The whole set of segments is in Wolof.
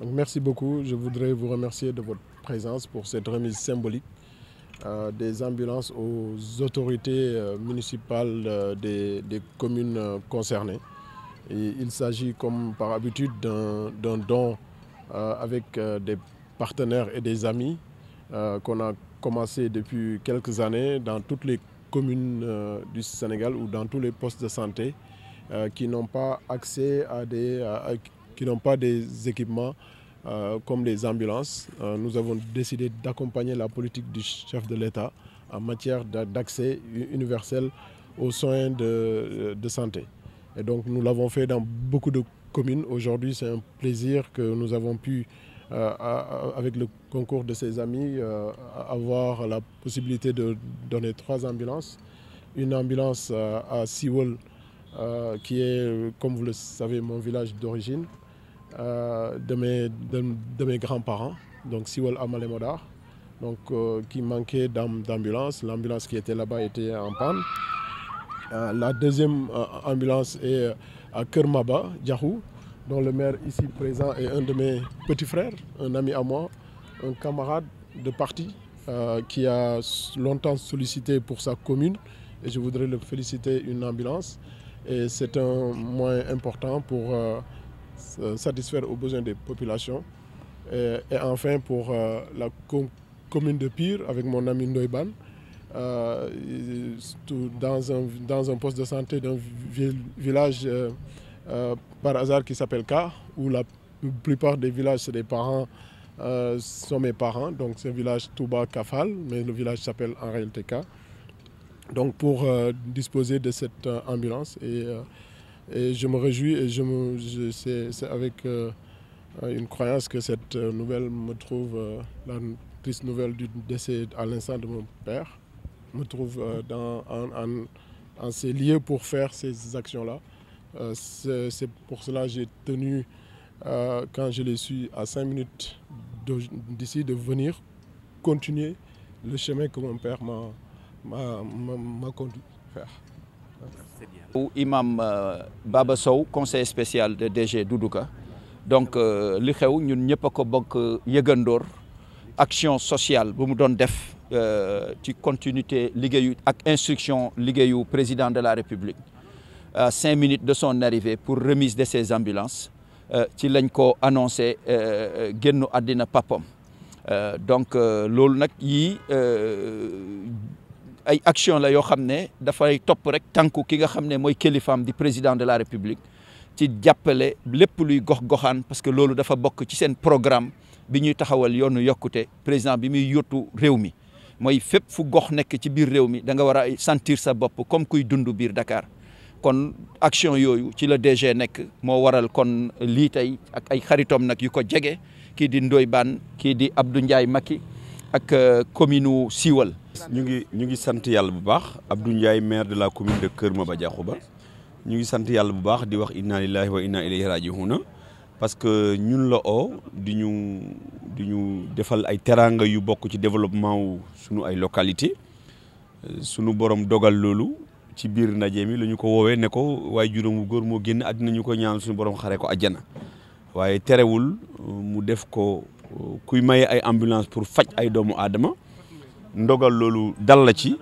Donc merci beaucoup. Je voudrais vous remercier de votre présence pour cette remise symbolique euh, des ambulances aux autorités euh, municipales euh, des, des, communes euh, concernées. Et il s'agit, comme par habitude, d'un don euh, avec euh, des partenaires et des amis qu'on a commencé depuis quelques années dans toutes les communes du Sénégal ou dans tous les postes de santé qui n'ont pas accès à des, à, à, qui n'ont pas des équipements euh, comme des ambulances. Euh, nous avons décidé d'accompagner la politique du chef de l'État en matière d'accès universel aux soins de, euh, de, santé. Et donc nous l'avons fait dans beaucoup de communes. Aujourd'hui, c'est un plaisir que nous avons pu, euh, avec le concours de ses amis, euh, avoir la possibilité de donner trois ambulances. Une ambulance euh, à Seawall, qui est, comme vous le savez, mon village d'origine, Euh, de mes, de, de grands-parents, donc Siwal Amalemoda, donc, euh, qui manquait d'ambulance. L'ambulance qui était là-bas était en panne. Euh, la deuxième euh, ambulance est euh, à Kermaba, Djahou, dont le maire ici présent est un de mes petits frères, un ami à moi, un camarade de parti qui a longtemps sollicité pour sa commune et je voudrais le féliciter une ambulance. Et c'est un moyen important pour satisfaire aux besoins des populations. Et, et enfin, pour euh, la com commune de Pire, avec mon ami Ndoiban, euh, dans, un, dans un poste de santé d'un village euh, euh, par hasard qui s'appelle K, où la plupart des villages, c'est des parents, euh, sont mes parents. Donc c'est un village Touba-Kafal, mais le village s'appelle en réalité K. Donc pour disposer de cette ambulance et Et je me réjouis et je, je c'est avec euh, une croyance que cette euh, nouvelle me trouve, euh, la triste nouvelle du décès à l'instant de mon père, me trouve euh, dans, en, en, en, ces lieux pour faire ces actions-là. Euh, c'est pour cela que j'ai tenu, euh, quand je l'ai su, à cinq minutes d'ici, de venir continuer le chemin que mon père m'a conduit faire. imam euh, Baba Sow conseil spécial de DG Doudouka donc euh, li xew ñun ñëpp a ko bokk yëgandoor action sociale bu mu doon def euh, ci continuité liggéeyu ak instruction liggéeyu président de la République à cinq minutes de son arrivée pour remise de ses ambulances ci lañ ko annoncé génnu àddina papam donc loolu nag yii ay action la yoo xam ne dafay topp rek tànku ki nga xam ne mooy kilifaam di président de la république ci jàppale lépp luy gox-goxaan parce que loolu dafa bokk ci seen programme bi ñuy taxawal yoonu yokkute président bi muy yottu réew mi mooy fépp fu gox nekk ci biir réew mi da nga war a sentir sa bopp comme kuy dundu biir dakaar kon action yooyu ci la DG nekk moo waral kon liitey ak ay xaritom nag yu ko jege kii di Ndoye Bane kii di Abdou Ndiaye Macky ak euh, commune Siwal. ñu ngi ñu ngi sant yàlla bu baax Abdou Ndiaye maire de la commune de Kër ba Maba ba ñu ngi sant yàlla bu baax di wax inna lillahi wa inna ilayhi raji'un parce que ñun la oo di ñu di ñu defal ay teraanga yu bokk ci développement wu sunu ay localité sunu borom dogal loolu ci biir ndaje mi la ñu ko woowee ne ko waaye juróom wu góor moo génn àddina ñu ko ñaan suñu borom xaree ko àjjana waaye terewul euh, mu def ko kuy may ay ambulance pour faj ay doomu aadama ndogal loolu dal ci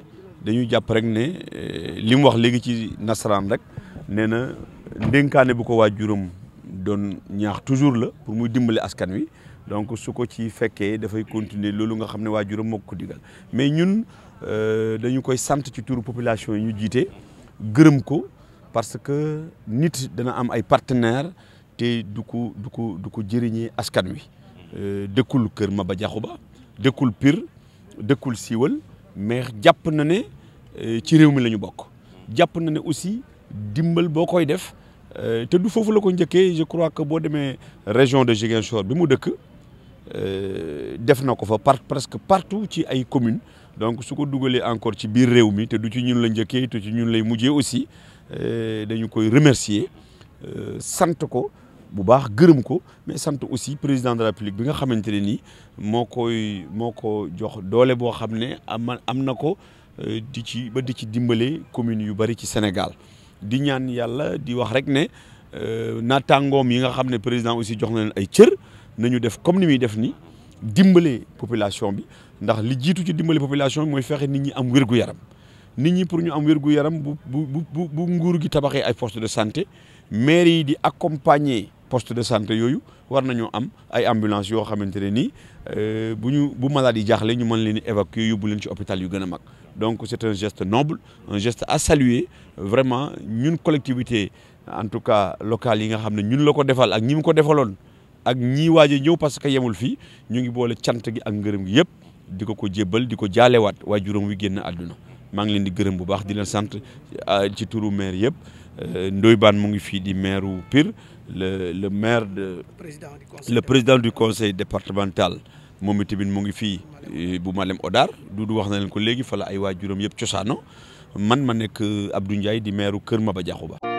dañuy jàpp rek ne eh, li mu wax léegi ci nasaraan rek nee na ndénkaane bu ko waajuram doon ñaax toujours la pour muy dimbali askan wi donc su ko ci fekkee dafay continuer loolu nga xam ne waajuram moo ko digal mais ñun euh, dañu koy sant ci turu population yi ñu jiite gërëm ko parce que nit dana am ay partenaires te du ko du ko du ko jëriñee askan wi Euh, dëkkul Kër Maba ba dëkkul Pire dëkkul Siiwal mais jàpp na ne euh, ci réew mi la ñu bokk jàpp na ne aussi dimbal boo koy def euh, te du foofu la ko njëkkee je crois que boo demee région de Ziguinchor bi mu dëkk def na ko fa par presque partout ci ay communes donc su ko dugalee encore ci biir réew mi te du ci ñun la njëkkee te ci ñun lay mujjee aussi dañu koy remercier sant ko bu baax gërëm ko mais sant aussi président de la République bi nga xamante ne nii moo koy moo ko jox doole boo xam ne am am na ko euh, di ci ba di ci dimbale communes yu bari ci Sénégal di ñaan yàlla di wax rek ne euh, naataangoom yi nga xam ne président aussi jox nga leen ay cër nañu def comme ni muy def ni dimbale population bi ndax li jiitu ci dimbale population mooy fexe nit ñi am wérgu yaram nit ñi pour ñu am wérgu yaram bu bu bu bu nguur gi tabaxee ay postes de santé maire yi di accompagner. poste de santé yooyu war nañoo am ay ambulance yoo xamante ne nii euh, bu ñu bu malade yi jaaxle ñu mën leen évacuer yóbbu leen ci hôpital yu gën a mag donc c' est un geste noble un geste à saluer vraiment ñun collectivité en tout cas locale yi nga xam ne ñun la ko defal ak ñi mu ko defaloon ak ñii waaje ñëw parce que yemul fii ñu ngi boole cant gi ak ngërëm gi yëpp di ko ko jébbal di ko jaalewaat waaye juróom wi génn àdduna maa ngi leen di gërëm bu baax di leen sant euh, ci turu yëpp Euh, Ndoye Bane mu ngi fii di maire wu Pire le le maire de. le président du conseil départemental moom itamit mu ngi fii euh, bu Malem Odar Doudou wax na leen ko léegi fala la ay waajuram yëpp cosaano man ma nekk euh, Abdou Ndiaye di maire Kër ma ba Diakhou Ba